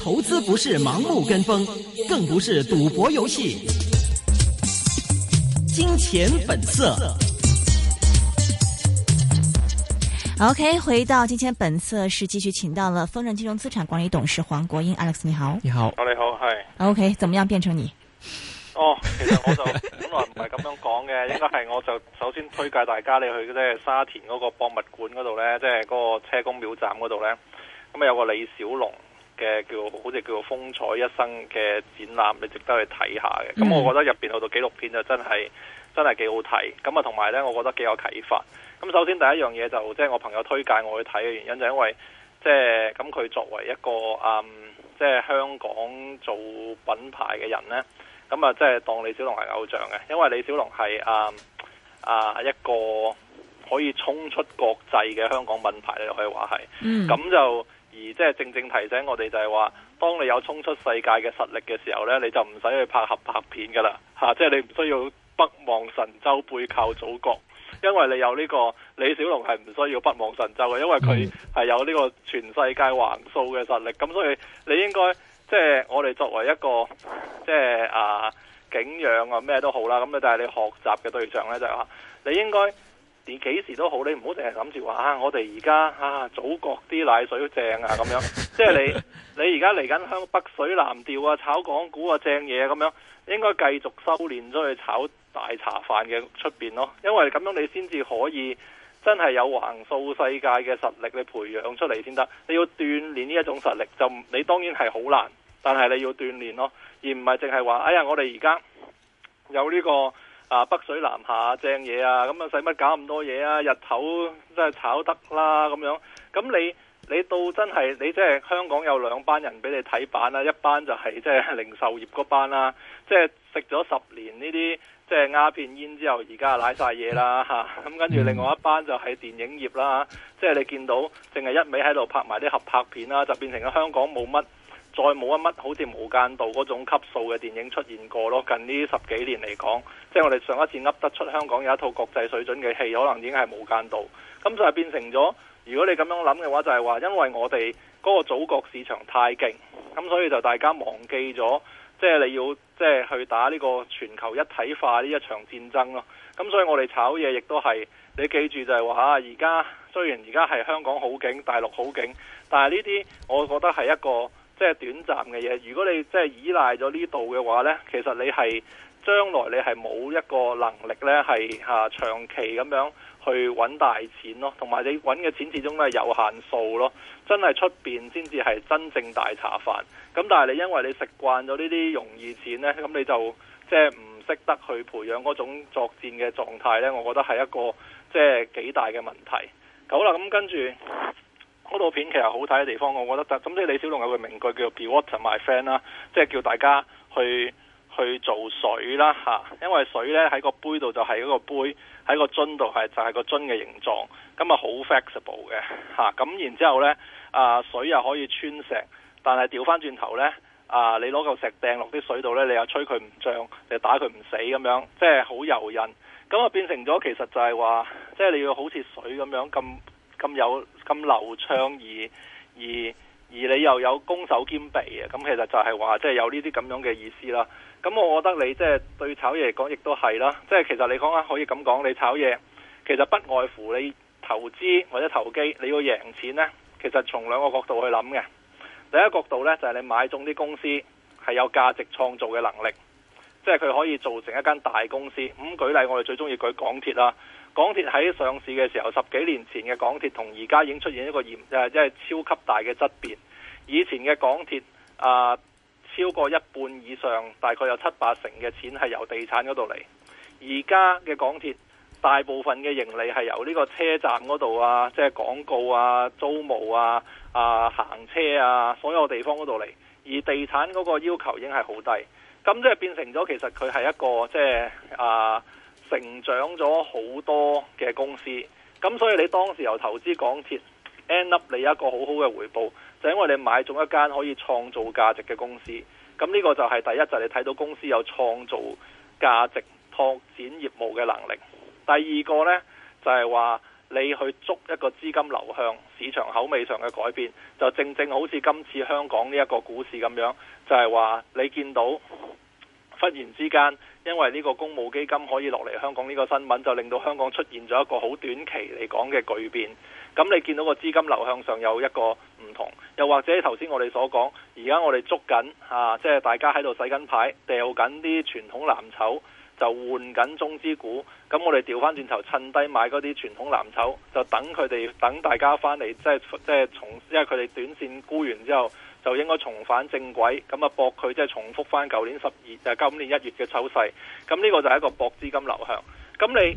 投資不是盲目跟風，更不是賭博遊戲。金錢本色。OK，回到金錢本色，是繼續請到了豐盛金融資產管理董事黃國英 Alex，你好。你好，你好係。OK，怎麼樣變成你？哦，其實我就本來唔係咁樣講嘅，應該係我就首先推介大家你去即係沙田嗰個博物館嗰度咧，即係嗰個車公廟站嗰度咧。咁啊，有個李小龍嘅叫，好似叫做《風采一生》嘅展覽，你值得去睇下嘅。咁，我覺得入邊嗰度紀錄片就真係真係幾好睇。咁啊，同埋呢，我覺得幾有啟發。咁首先第一樣嘢就，即係我朋友推介我去睇嘅原因，就因，就因為即係咁佢作為一個嗯，即係香港做品牌嘅人呢，咁啊，即係當李小龍係偶像嘅，因為李小龍係啊啊一個可以衝出國際嘅香港品牌，你就可以話係。嗯。咁就。而即係正正提醒我哋就係話，當你有衝出世界嘅實力嘅時候咧，你就唔使去拍合拍片噶啦，吓，即係你唔需要北望神州背靠祖國，因為你有呢個李小龍係唔需要北望神州嘅，因為佢係有呢個全世界橫掃嘅實力。咁所以你應該即係我哋作為一個即係啊景仰啊咩都好啦，咁啊但係你學習嘅對象咧就係話你應該。你幾時都好，你唔好淨係諗住話啊！我哋而家啊，祖國啲奶水正啊，咁樣，即係你你而家嚟緊香北水南調啊，炒港股啊，正嘢咁、啊、樣，應該繼續修煉咗去炒大茶飯嘅出邊咯。因為咁樣你先至可以真係有橫掃世界嘅實力，你培養出嚟先得。你要鍛煉呢一種實力就，就你當然係好難，但係你要鍛煉咯，而唔係淨係話哎呀，我哋而家有呢、這個。啊，北水南下正嘢啊，咁啊使乜搞咁多嘢啊？日頭真係炒得啦，咁樣，咁、嗯、你你到真係你即係香港有兩班人俾你睇版啦，一班就係、是、即係零售業嗰班啦、啊，即係食咗十年呢啲即係鴉片煙之後，而家賴晒嘢啦嚇，咁、啊嗯嗯、跟住另外一班就係電影業啦、啊，即係你見到淨係一味喺度拍埋啲合拍片啦、啊，就變成香港冇乜。再冇一乜好似無間道嗰種級數嘅電影出現過咯。近呢十幾年嚟講，即係我哋上一次噏得出香港有一套國際水準嘅戲，可能已經係無間道咁，就係變成咗。如果你咁樣諗嘅話，就係話因為我哋嗰個祖國市場太勁，咁所以就大家忘記咗，即係你要即係去打呢個全球一體化呢一場戰爭咯。咁所以我哋炒嘢亦都係你記住就係話嚇而家雖然而家係香港好景，大陸好景，但係呢啲我覺得係一個。即係短暫嘅嘢，如果你即係依賴咗呢度嘅話呢，其實你係將來你係冇一個能力呢，係吓、啊、長期咁樣去揾大錢咯，同埋你揾嘅錢始終都係有限數咯，真係出邊先至係真正大茶飯。咁但係你因為你食慣咗呢啲容易錢呢，咁你就即係唔識得去培養嗰種作戰嘅狀態呢，我覺得係一個即係幾大嘅問題。好啦，咁跟住。嗰套片其實好睇嘅地方，我覺得得。咁即係李小龍有個名句叫做 Be water my friend 啦，即係叫大家去去做水啦嚇、啊。因為水呢喺個杯度就係嗰個杯，喺個樽度係就係個樽嘅形狀，咁、嗯、啊好 flexible 嘅嚇。咁然之後呢，啊水又可以穿石，但係掉翻轉頭呢，啊你攞嚿石掟落啲水度呢，你又吹佢唔脹，你，脹你打佢唔死咁樣，即係好柔韌。咁、嗯、啊、嗯、變成咗其實就係話，即係你要好似水咁樣咁。咁有咁流暢，而而而你又有攻守兼備嘅，咁其實就係話即係有呢啲咁樣嘅意思啦。咁我覺得你即係、就是、對炒嘢嚟講，亦都係啦。即係其實你講啊，可以咁講，你炒嘢其實不外乎你投資或者投機，你要贏錢呢。其實從兩個角度去諗嘅。第一角度呢，就係、是、你買中啲公司係有價值創造嘅能力，即係佢可以做成一間大公司。咁、嗯、舉例，我哋最中意舉港鐵啦。港鐵喺上市嘅時候，十幾年前嘅港鐵同而家已經出現一個嚴即係超級大嘅質變。以前嘅港鐵啊，超過一半以上，大概有七八成嘅錢係由地產嗰度嚟。而家嘅港鐵大部分嘅盈利係由呢個車站嗰度啊，即係廣告啊、租務啊、啊行車啊，所有地方嗰度嚟。而地產嗰個要求已經係好低，咁即係變成咗，其實佢係一個即係啊。成長咗好多嘅公司，咁所以你當時候投資港鐵，end up 你一個好好嘅回報，就因為你買中一間可以創造價值嘅公司，咁呢個就係第一，就係你睇到公司有創造價值、拓展業務嘅能力。第二個呢，就係話你去捉一個資金流向、市場口味上嘅改變，就正正好似今次香港呢一個股市咁樣，就係話你見到。忽然之間，因為呢個公募基金可以落嚟香港呢個新聞，就令到香港出現咗一個好短期嚟講嘅巨變。咁你見到個資金流向上有一個唔同，又或者頭先我哋所講，而家我哋捉緊嚇，即係大家喺度洗緊牌，掉緊啲傳統藍籌，就換緊中資股。咁我哋調翻轉頭，趁低買嗰啲傳統藍籌，就等佢哋等大家翻嚟，即係即係從，因為佢哋短線沽完之後。就應該重返正軌，咁啊博佢即係重複翻舊年十二，就、呃、今年一月嘅趨勢。咁呢個就係一個博資金流向。咁你，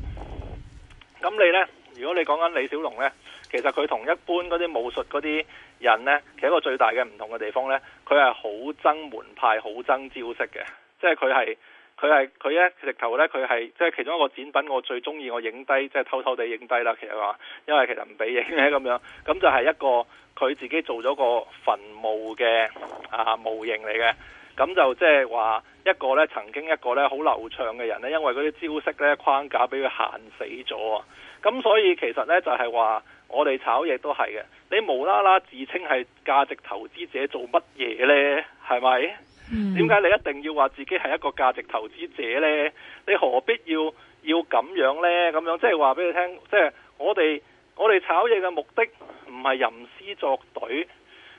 咁你咧，如果你講緊李小龍呢，其實佢同一般嗰啲武術嗰啲人呢，其實一個最大嘅唔同嘅地方呢，佢係好憎門派，好憎招式嘅，即係佢係。佢係佢咧，直頭咧，佢係即係其中一個展品我，我最中意，我影低，即係偷偷地影低啦。其實話，因為其實唔俾影咧咁樣，咁就係一個佢自己做咗個墳墓嘅啊模型嚟嘅。咁就即係話一個咧，曾經一個咧好流暢嘅人咧，因為嗰啲招式咧框架俾佢限死咗啊。咁所以其實咧就係話，我哋炒嘢都係嘅。你無啦啦自稱係價值投資者做乜嘢咧？係咪？點解、嗯、你一定要話自己係一個價值投資者呢？你何必要要咁樣呢？咁樣即係話俾你聽，即係我哋我哋炒嘢嘅目的唔係吟詩作對，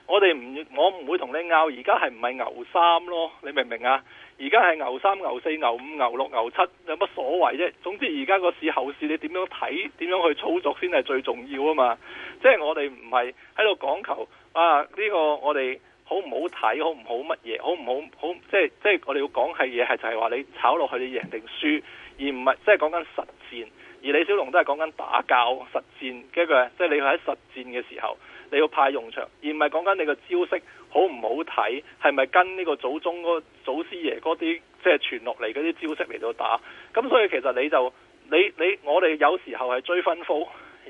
我哋唔我唔會同你拗，而家係唔係牛三咯？你明唔明啊？而家係牛三、牛四、牛五、牛六、牛七，有乜所謂啫？總之而家個市後市你點樣睇、點樣去操作先係最重要啊嘛！即係我哋唔係喺度講求啊呢個我哋。好唔好睇，好唔好乜嘢，好唔好好即係即係我哋要講係嘢，係就係話你炒落去你贏定輸，而唔係即係講緊實戰。而李小龍都係講緊打交實戰，即係佢即係你喺實戰嘅時候，你要派用場，而唔係講緊你個招式好唔好睇，係咪跟呢個祖宗嗰祖師爺嗰啲即係傳落嚟嗰啲招式嚟到打。咁所以其實你就你你我哋有時候係追分號，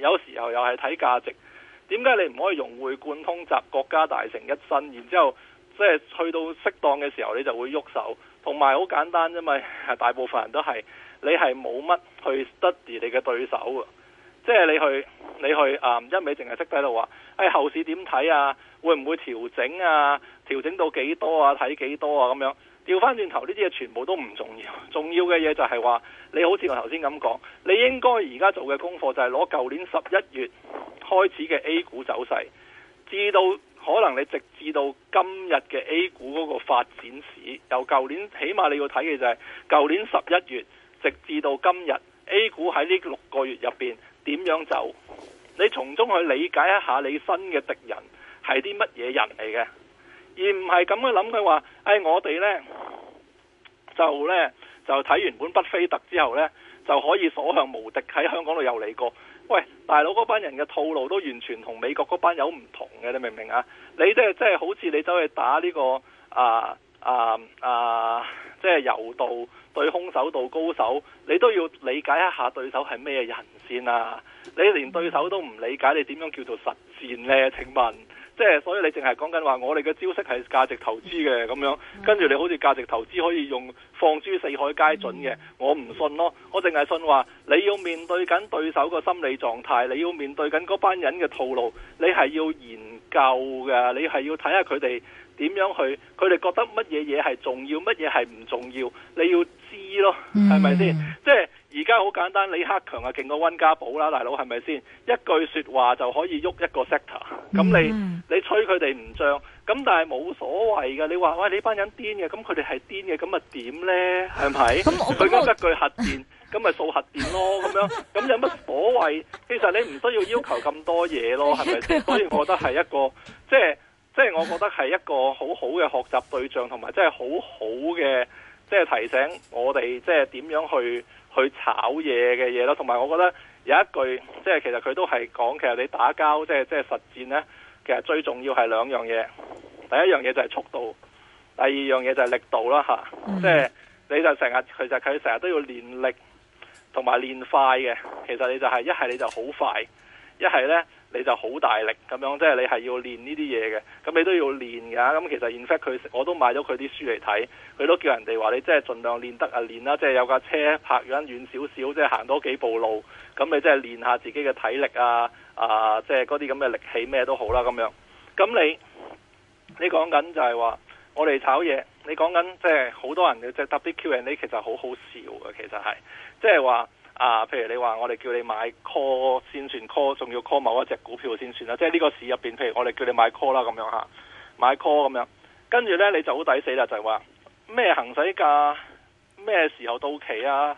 有時候又係睇價值。點解你唔可以融會貫通集國家大成一身，然之後即係、就是、去到適當嘅時候，你就會喐手。同埋好簡單啫嘛，因為大部分人都係你係冇乜去 study 你嘅對手㗎。即係你去你去啊、嗯、一味，淨係識喺度話，誒後市點睇啊？會唔會調整啊？調整到幾多啊？睇幾多啊？咁樣調翻轉頭，呢啲嘢全部都唔重要。重要嘅嘢就係話，你好似我頭先咁講，你應該而家做嘅功課就係攞舊年十一月。開始嘅 A 股走勢，至到可能你直至到今日嘅 A 股嗰個發展史。由舊年起碼你要睇嘅就係、是、舊年十一月直至到今日 A 股喺呢六個月入邊點樣走，你從中去理解一下你新嘅敵人係啲乜嘢人嚟嘅，而唔係咁樣諗佢話，誒、哎、我哋呢，就呢，就睇完本不菲特之後呢，就可以所向無敵喺香港度又嚟過。喂，大佬嗰班人嘅套路都完全同美國嗰班有唔同嘅，你明唔明啊？你即係即係好似你走去打呢個啊啊啊，即係柔道對空手道高手，你都要理解一下對手係咩人先啊！你連對手都唔理解，你點樣叫做實戰咧？請問。即係，所以你淨係講緊話，我哋嘅招式係價值投資嘅咁樣，跟住你好似價值投資可以用放諸四海皆準嘅，我唔信咯。我淨係信話你要面對緊對手個心理狀態，你要面對緊嗰班人嘅套路，你係要研究嘅，你係要睇下佢哋點樣去，佢哋覺得乜嘢嘢係重要，乜嘢係唔重要，你要知咯，係咪先？即係。而家好簡單，李克強啊勁過溫家寶啦，大佬係咪先？一句說話就可以喐一個 sector、嗯。咁你你吹佢哋唔漲，咁但係冇所謂㗎。你話喂你班人癲嘅，咁佢哋係癲嘅，咁啊點呢？係咪？佢講、嗯、一句核電，咁咪數核電咯咁 樣。咁有乜所謂？其實你唔需要要求咁多嘢咯，係咪？ 所以我覺得係一個即係即係，我覺得係一個好好嘅學習對象，同埋真係好好嘅。即係提醒我哋，即係點樣去去炒嘢嘅嘢咯。同埋我覺得有一句，即係其實佢都係講，其實你打交即係即係實戰呢，其實最重要係兩樣嘢，第一樣嘢就係速度，第二樣嘢就係力度啦吓、啊，即係你就成日其實佢成日都要練力同埋練快嘅。其實你就係一係你就好快。一係呢，你就好大力咁樣，即係你係要練呢啲嘢嘅，咁你都要練㗎。咁其實 in fact 佢我都買咗佢啲書嚟睇，佢都叫人哋話你即係儘量練得啊練啦，即係有架車拍遠遠少少，即係行多幾步路，咁你即係練下自己嘅體力啊啊，即係嗰啲咁嘅力氣咩都好啦咁樣。咁你你講緊就係話，我哋炒嘢，你講緊即係好多人嘅即係 w 啲 Q n 你其實好好笑嘅，其實係即係話。啊，譬如你話我哋叫你買 call 先算 call，仲要 call 某一隻股票先算啦。即係呢個市入邊，譬如我哋叫你買 call 啦咁樣吓，買 call 咁樣，跟住呢，你就好抵死啦，就係話咩行使價，咩時候到期啊，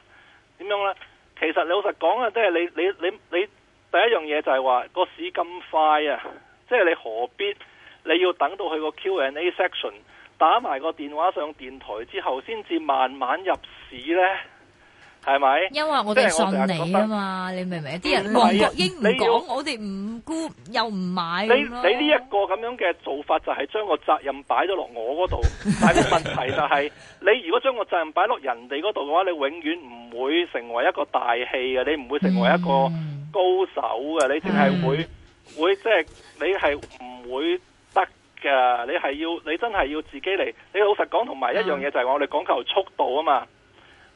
點樣呢？其實你老實講啊，即係你你你你第一樣嘢就係話個市咁快啊，即係你何必你要等到佢個 Q&A section 打埋個電話上電台之後，先至慢慢入市呢。係咪？因為我哋信你，我你啊嘛，你明唔明？啲人黃、嗯、國英唔講，要我哋唔沽又唔買你你呢一個咁樣嘅做法就係將個責任擺咗落我嗰度， 但係問題就係、是、你如果將個責任擺落人哋嗰度嘅話，你永遠唔會成為一個大器嘅，你唔會成為一個高手嘅，你淨係會、嗯、會即係、就是、你係唔會得嘅，你係要你真係要自己嚟。你老實講，同埋一樣嘢就係我哋講求速度啊嘛。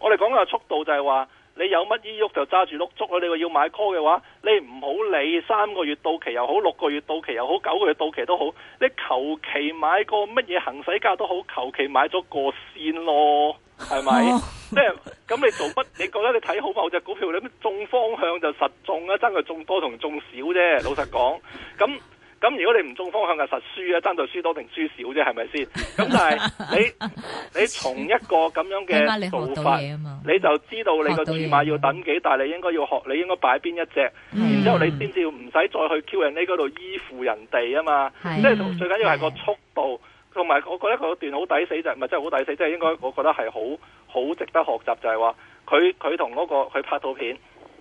我哋講嘅速度就係話，你有乜嘢喐就揸住碌竹啦！你話要買 call 嘅話，你唔好理三個月到期又好，六個月到期又好，九個月到期好都好，你求其買個乜嘢行使價，都好，求其買咗個線咯，係咪？即係咁你做乜？你覺得你睇好某隻股票，你咪中方向就實中啊，真係中多同中少啫。老實講，咁、嗯。咁如果你唔中方向嘅實輸啊。爭在輸多定輸少啫，係咪先？咁 但係你你從一個咁樣嘅做法，你，嘛你就知道你個注碼要等幾大，你應該要學，你應該擺邊一隻，嗯、然之後你先至唔使再去 Q&A 嗰度依附人哋啊嘛。即係、啊、最緊要係個速度，同埋、啊、我覺得佢段好抵死就唔、是、係真係好抵死，即、就、係、是、應該我覺得係好好值得學習就，就係話佢佢同嗰個佢拍套片，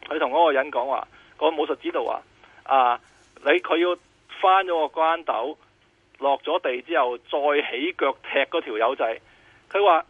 佢同嗰個人講話，嗰個武術指導話啊，你佢要。翻咗個關鬥，落咗地之後再起腳踢嗰條友仔，佢話：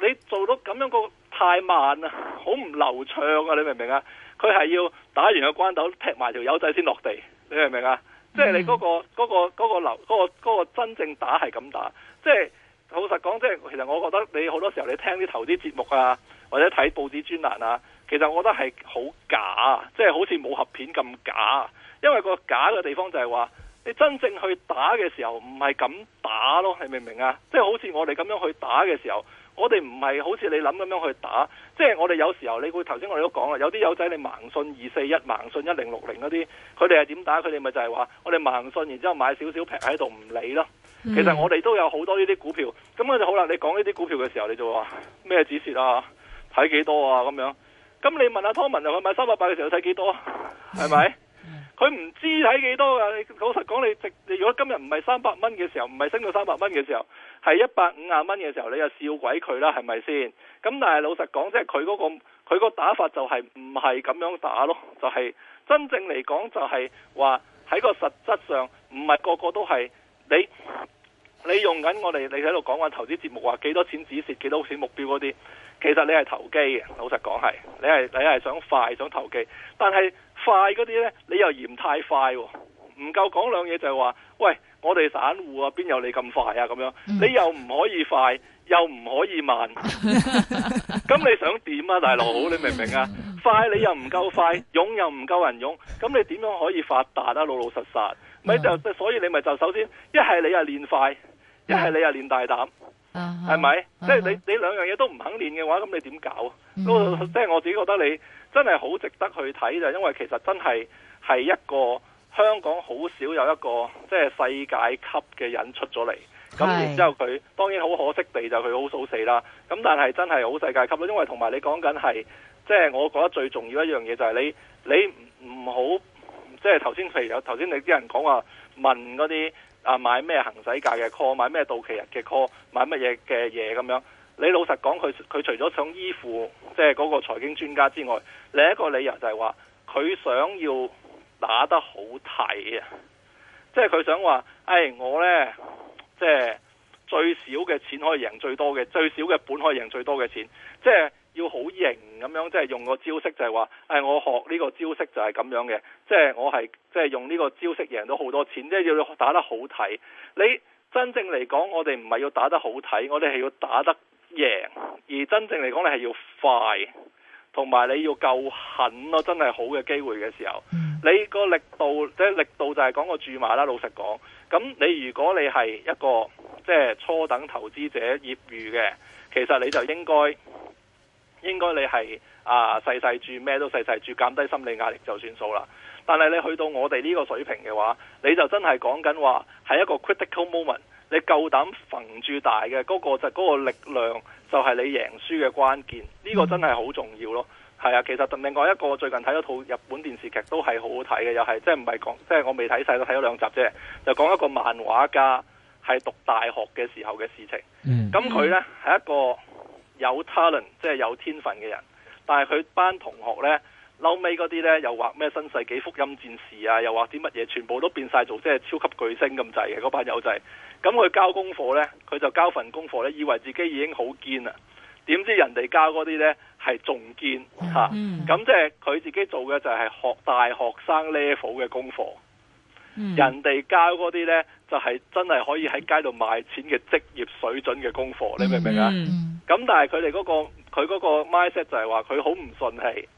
你做到咁樣個太慢啦，好唔流暢啊！你明唔明啊？佢係要打完個關鬥，踢埋條友仔先落地，你明唔明啊？Mm hmm. 即係你嗰個嗰個嗰個流嗰個嗰個嗰個嗰個真正打係咁打。即係老實講，即係其實我覺得你好多時候你聽啲投資節目啊，或者睇報紙專欄啊，其實我覺得係好假，即係好似武俠片咁假。因為個假嘅地方就係話，你真正去打嘅時候唔係咁打咯，你明唔明啊？即係好似我哋咁樣去打嘅時候，我哋唔係好似你諗咁樣去打。即係我哋有時候，你會頭先我哋都講啦，有啲友仔你盲信二四一、盲信一零六零嗰啲，佢哋係點打？佢哋咪就係話，我哋盲信，然之後買少少平喺度唔理咯。嗯、其實我哋都有好多呢啲股票，咁我就好啦，你講呢啲股票嘅時候，你就話咩指示啊，睇幾多啊咁樣。咁你問阿湯文又去買三百八嘅時候睇幾多啊？係咪？ 佢唔知睇幾多噶，老實講，你值你如果今日唔係三百蚊嘅時候，唔係升到三百蚊嘅時候，係一百五廿蚊嘅時候，你又笑鬼佢啦，係咪先？咁但係老實講，即係佢嗰個佢個打法就係唔係咁樣打咯，就係、是、真正嚟講就係話喺個實質上唔係個個都係你你用緊我哋你喺度講話投資節目話幾多錢止蝕幾多錢目標嗰啲。其實你係投機嘅，老實講係，你係你係想快想投機，但係快嗰啲呢，你又嫌太快、喎，唔夠講兩嘢就話，喂，我哋散戶啊，邊有你咁快啊咁樣？你又唔可以快，又唔可以慢，咁你想點啊？大佬，你明唔明啊？ 快你又唔夠快，勇又唔夠人勇。咁你點樣可以發達啊？老老實實，咪、嗯嗯、就所以你咪就首先一係你又練快，一係你又練大膽。係咪、uh huh, uh huh.？即係你你兩樣嘢都唔肯練嘅話，咁你點搞？uh huh. 即係我自己覺得你真係好值得去睇，就係因為其實真係係一個香港好少有一個，即係世界級嘅人出咗嚟。咁然之後佢當然好可惜地，就佢好早死啦。咁但係真係好世界級咯，因為同埋你講緊係即係我覺得最重要一樣嘢，就係你你唔好即係頭先譬如有頭先你啲人講話問嗰啲。啊！買咩行使價嘅 call，買咩到期日嘅 call，買乜嘢嘅嘢咁樣？你老實講，佢佢除咗想依附即係嗰個財經專家之外，另一個理由就係話佢想要打得好睇啊！即係佢想話，誒，我呢，即係最少嘅錢可以贏最多嘅，最少嘅本可以贏最多嘅錢，即係。要好型咁樣，即係用個招式就係話，誒，我學呢個招式就係咁樣嘅，即係我係即係用呢個招式贏到好多錢，即係要打得好睇。你真正嚟講，我哋唔係要打得好睇，我哋係要打得贏。而真正嚟講，你係要快，同埋你要夠狠咯。真係好嘅機會嘅時候，你個力度即係力度就係講個注碼啦。老實講，咁你如果你係一個即係初等投資者、業餘嘅，其實你就應該。應該你係啊，細細住咩都細細住，減低心理壓力就算數啦。但係你去到我哋呢個水平嘅話，你就真係講緊話係一個 critical moment，你夠膽揈住大嘅嗰、嗰個就嗰、係嗰個、力量就係你贏輸嘅關鍵。呢、呢個真係好重要咯。係、嗯、啊，其實另外一個最近睇咗套日本電視劇都係好好睇嘅，又係即係唔係講即係我未睇晒，都睇咗兩集啫，就講一個漫畫家係讀大學嘅時候嘅事情。嗯，咁佢、嗯、呢係一個。有 talent，即係有天分嘅人，但係佢班同學呢，後尾嗰啲呢，又畫咩新世紀福音戰士啊，又畫啲乜嘢，全部都變晒做即係超級巨星咁滯嘅嗰班友仔，就是。咁佢交功課呢，佢就交份功課呢，以為自己已經好堅啦。點知人哋交嗰啲呢，係仲堅吓，咁、啊 mm. 即係佢自己做嘅就係學大學生 level 嘅功課，mm. 人哋交嗰啲呢，就係、是、真係可以喺街度賣錢嘅職業水準嘅功課，你明唔明啊？Mm. 咁但係佢哋嗰個佢嗰個 mindset 就係話佢好唔順氣，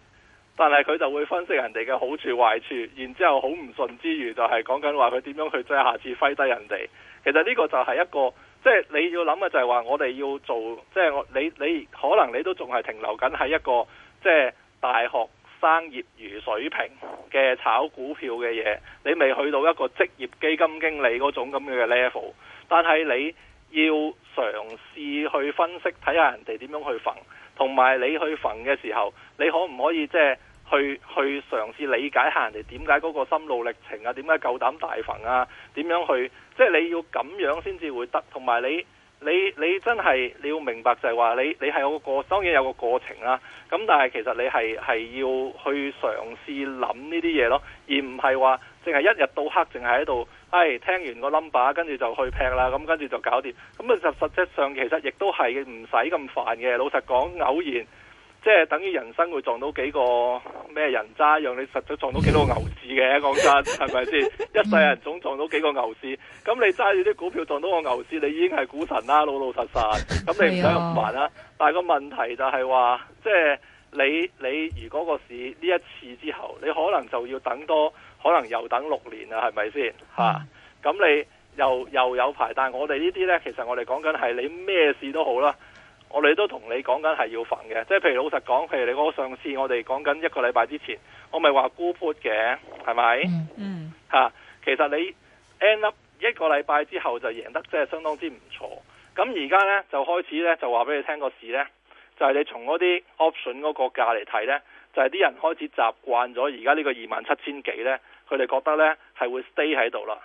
但係佢就會分析人哋嘅好處壞處，然之後好唔順之餘就係講緊話佢點樣去即係下次揮低人哋。其實呢個就係一個即係、就是、你要諗嘅就係話我哋要做即係我你你可能你都仲係停留緊喺一個即係、就是、大學生業餘水平嘅炒股票嘅嘢，你未去到一個職業基金經理嗰種咁嘅 level，但係你。要嘗試去分析，睇下人哋點樣去馮，同埋你去馮嘅時候，你可唔可以即係去去嘗試理解下人哋點解嗰個心路歷程啊？點解夠膽大馮啊？點樣去？即係你要咁樣先至會得。同埋你你你真係你要明白就係話你你係有個過當然有個過程啦。咁但係其實你係係要去嘗試諗呢啲嘢咯，而唔係話淨係一日到黑，淨係喺度。係聽完個 number，跟住就去劈啦，咁跟住就搞掂。咁啊，實實質上其實亦都係嘅，唔使咁煩嘅。老實講，偶然即係、就是、等於人生會撞到幾個咩人渣，讓你實際撞到幾多個牛市嘅。講真，係咪先？ 一世人總撞到幾個牛市。咁 你揸住啲股票撞到個牛市，你已經係股神啦，老老實實。咁你唔使咁煩啦。 但係個問題就係話，即、就、係、是。你你如果個市呢一次之後，你可能就要等多，可能又等六年啦，係咪先？嚇、嗯！咁、啊、你又又有排，但係我哋呢啲呢，其實我哋講緊係你咩事都好啦，我哋都同你講緊係要瞓嘅，即係譬如老實講，譬如你嗰個上次，我哋講緊一個禮拜之前，我咪話沽 put 嘅，係咪？嗯嗯、啊。其實你 end up 一個禮拜之後就贏得，即係相當之唔錯。咁而家呢，就開始呢，就話俾你聽個市呢。就係你從嗰啲 option 嗰個價嚟睇呢，就係啲人開始習慣咗而家呢個二萬七千幾呢，佢哋覺得呢係會 stay 喺度啦，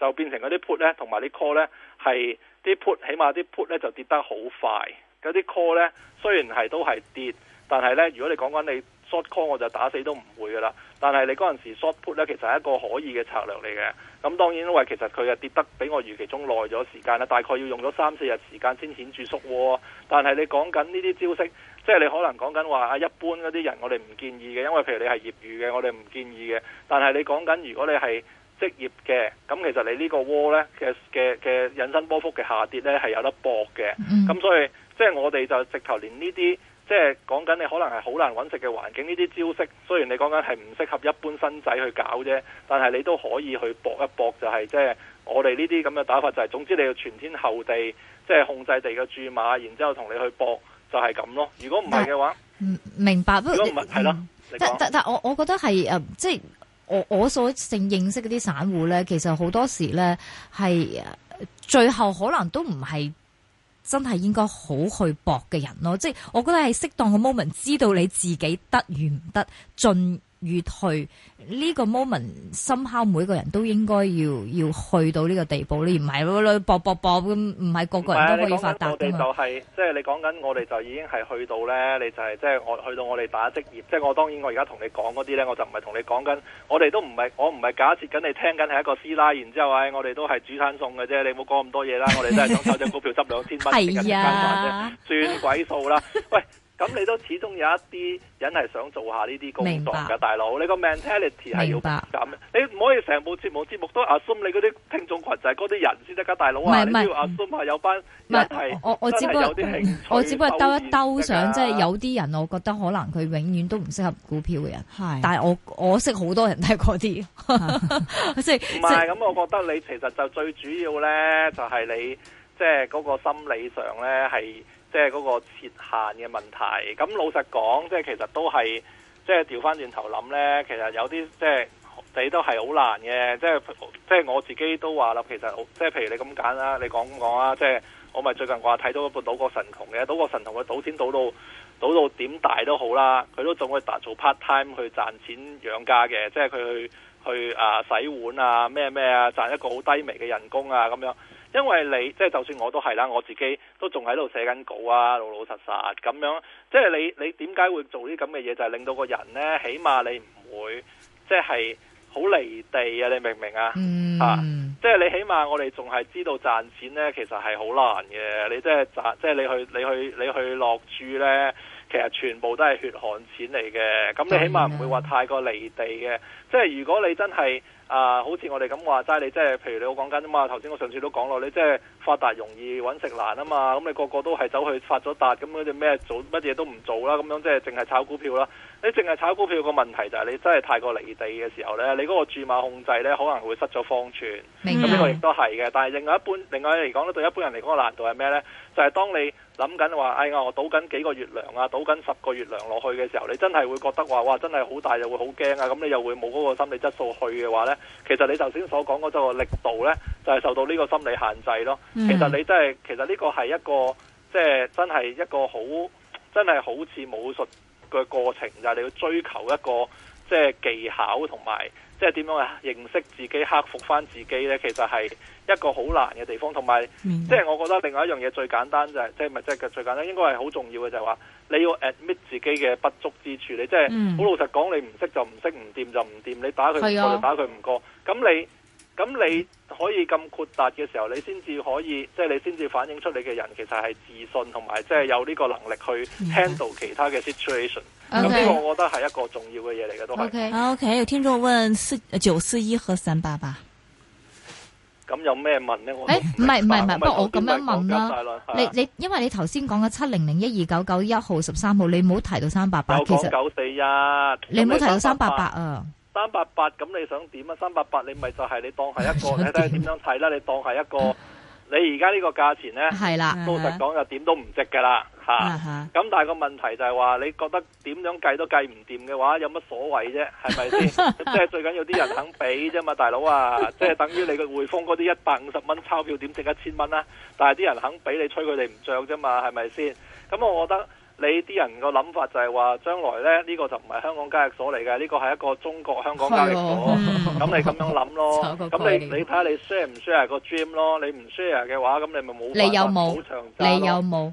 就變成嗰啲 put 呢，同埋啲 call 呢，係啲 put，起碼啲 put 呢就跌得好快，嗰啲 call 呢，雖然係都係跌。但係咧，如果你講緊你 short call，我就打死都唔會噶啦。但係你嗰陣時 short put 咧，其實係一個可以嘅策略嚟嘅。咁當然因為其實佢係跌得比我預期中耐咗時間啦，大概要用咗三四日時間先顯著縮窩。但係你講緊呢啲招式，即係你可能講緊話啊，一般嗰啲人我哋唔建議嘅，因為譬如你係業餘嘅，我哋唔建議嘅。但係你講緊如果你係職業嘅，咁其實你個呢個窩咧嘅嘅嘅引伸波幅嘅下跌咧係有得搏嘅。咁、嗯、所以即係我哋就直頭連呢啲。即係講緊你可能係好難揾食嘅環境，呢啲招式雖然你講緊係唔適合一般新仔去搞啫，但係你都可以去搏一搏，就是，就係即係我哋呢啲咁嘅打法就係、是，總之你要全天候地即係、就是、控制地嘅注碼，然之後同你去搏就係、是、咁咯。如果唔係嘅話，明白。不過係咯，但但我我覺得係誒，即係我我所正認識嗰啲散戶呢，其實好多時呢係最後可能都唔係。真係應該好去搏嘅人咯，即係我覺得係適當嘅 moment，知道你自己得與唔得盡。越退，呢、這個 moment，深敲每個人都應該要要去到呢個地步，你唔係咯，搏搏搏咁，唔係個個人都可以發達。我哋就係、是 就是，即係你講緊我哋就已經係去到咧，你就係即係我去到我哋打職業，即係我當然我而家同你講嗰啲咧，我就唔係同你講緊，我哋都唔係，我唔係假設緊你聽緊係一個師奶，然之後唉，我哋都係煮餐餸嘅啫，你唔好講咁多嘢啦， 我哋真係想炒隻股票執兩千蚊，係 是啊你，算鬼數啦，喂！ 咁你都始終有一啲人係想做下呢啲工作嘅，大佬你個 mentality 係要咁，你唔可以成部節目節目都 assume 你嗰啲聽眾群就係嗰啲人先得㗎，大佬，唔係唔係 assume 係有班唔係，我我只不過我只不過兜一兜，想即係有啲人，我覺得可能佢永遠都唔適合股票嘅人，係，但係我我識好多人都係嗰啲，即係唔係咁？我覺得你其實就最主要咧，就係你即係嗰個心理上咧係。即係嗰個設限嘅問題，咁老實講，即係其實都係，即係調翻轉頭諗呢，其實有啲即係你都係好難嘅，即係即係我自己都話啦，其實即係譬如你咁揀啦，你講講啊，即係我咪最近話睇到一個賭國神童嘅，賭國神童嘅賭錢賭到賭到點大都好啦，佢都仲會做 part time 去賺錢養家嘅，即係佢去去啊洗碗啊咩咩啊賺一個好低微嘅人工啊咁樣。因為你即係就算我都係啦，我自己都仲喺度寫緊稿啊，老老實實咁樣。即係你你點解會做啲咁嘅嘢？就係、是、令到個人呢，起碼你唔會即係好離地啊！你明唔明啊？嗯，啊、即係你起碼我哋仲係知道賺錢呢，其實係好難嘅。你即係賺，即係你去你去你去落注呢，其實全部都係血汗錢嚟嘅。咁你起碼唔會話太過離地嘅。嗯、即係如果你真係。啊！好似我哋咁話齋，你即係譬如你我講緊啫嘛。頭先我上次都講咯，你即係發達容易揾食難啊嘛。咁你個個都係走去發咗達，咁嗰啲咩做乜嘢都唔做啦，咁樣即係淨係炒股票啦。你淨係炒股票個問題就係你真係太過離地嘅時候呢，你嗰個注碼控制呢可能會失咗方寸。咁呢明白。個亦都係嘅。但係另外一般，另外嚟講呢對一般人嚟講個難度係咩呢？就係、是、當你諗緊話，哎呀，我賭緊幾個月糧啊，賭緊十個月糧落去嘅時候，你真係會覺得話，哇，真係好大又會好驚啊！咁你又會冇嗰個心理質素去嘅話呢，其實你頭先所講嗰個力度呢，就係、是、受到呢個心理限制咯。嗯、其實你真、就、係、是，其實呢個係一個即係、就是、真係一個好真係好似武術。個過程就係你要追求一個即係技巧，同埋即係點樣認識自己、克服翻自己呢，其實係一個好難嘅地方，同埋、嗯、即係我覺得另外一樣嘢最簡單就係、是、即係咪即係最簡單應該係好重要嘅就係、是、話你要 admit 自己嘅不足之處，你即係好老實講，你唔識就唔識，唔掂就唔掂，你打佢唔過就打佢唔過，咁、嗯、你。咁你可以咁豁達嘅時候，你先至可以，即、就、係、是、你先至反映出你嘅人其實係自信，同埋即係有呢個能力去 handle 其他嘅 situation。咁呢、嗯、個我覺得係一個重要嘅嘢嚟嘅，都係。Okay, OK，有聽眾問四九四一和三八八。咁有咩問呢？我誒，唔係唔係唔係，不,不,不,不過我咁樣問啦。啊、你你，因為你頭先講嘅七零零一二九九一號十三號，你唔好提到三八八。其實我講九四一，你唔好提到三八八啊。三八八咁你想點啊？三八八你咪就係你當係一個，你睇點樣睇啦？你當係一個， 你而家呢個價錢呢， 老實講就點都唔值噶啦，吓。咁 但係個問題就係話，你覺得點樣計都計唔掂嘅話，有乜所謂啫？係咪先？即係 最緊要啲人肯畀啫嘛，大佬啊，即係等於你個匯豐嗰啲一百五十蚊鈔票點值一千蚊啊？但係啲人肯俾你，吹佢哋唔漲啫嘛，係咪先？咁我覺得。你啲人個諗法就係話，將來咧呢個就唔係香港交易所嚟嘅，呢個係一個中國香港交易所。咁你咁樣諗咯。咁你你睇下你 share 唔 share 個 dream 咯？你唔 share 嘅話，咁你咪冇辦法冇長揸咯。你有冇？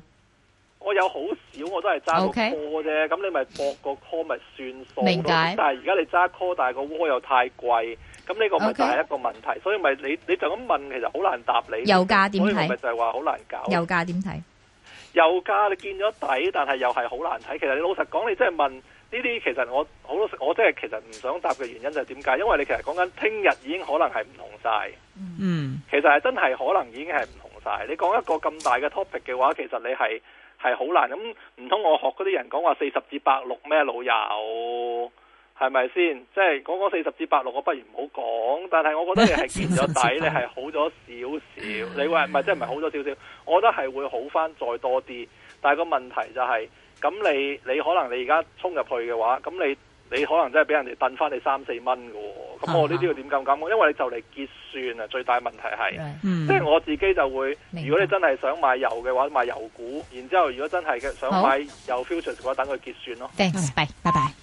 我有好少，我都係揸個 call 啫。咁你咪博個 call 咪算數咯。明解。但係而家你揸 call，但係個窩又太貴，咁呢個咪就係一個問題？所以咪你你就咁問，其實好難答你。油價點睇？我哋咪就係話好難搞。油價點睇？油價你見咗底，但係又係好難睇。其實你老實講，你真係問呢啲，其實我好，我真係其實唔想答嘅原因就係點解？因為你其實講緊聽日已經可能係唔同晒，嗯，其實係真係可能已經係唔同晒。你講一個咁大嘅 topic 嘅話，其實你係係好難。咁唔通我學嗰啲人講話四十至百六咩老友？係咪先？即係講講四十至八六，我不如唔好講。但係我覺得你係見咗底，你係好咗少少。你話唔係，即係唔係好咗少少？我覺得係會好翻再多啲。但係個問題就係，咁你你可能你而家衝入去嘅話，咁你你可能真係俾人哋掟翻你三四蚊嘅。咁我呢啲要點敢敢？因為你就嚟結算啊，最大問題係，即係我自己就會。如果你真係想買油嘅話，買油股；然之後如果真係想買油 future 嘅話，等佢結算咯。Thanks，拜拜拜。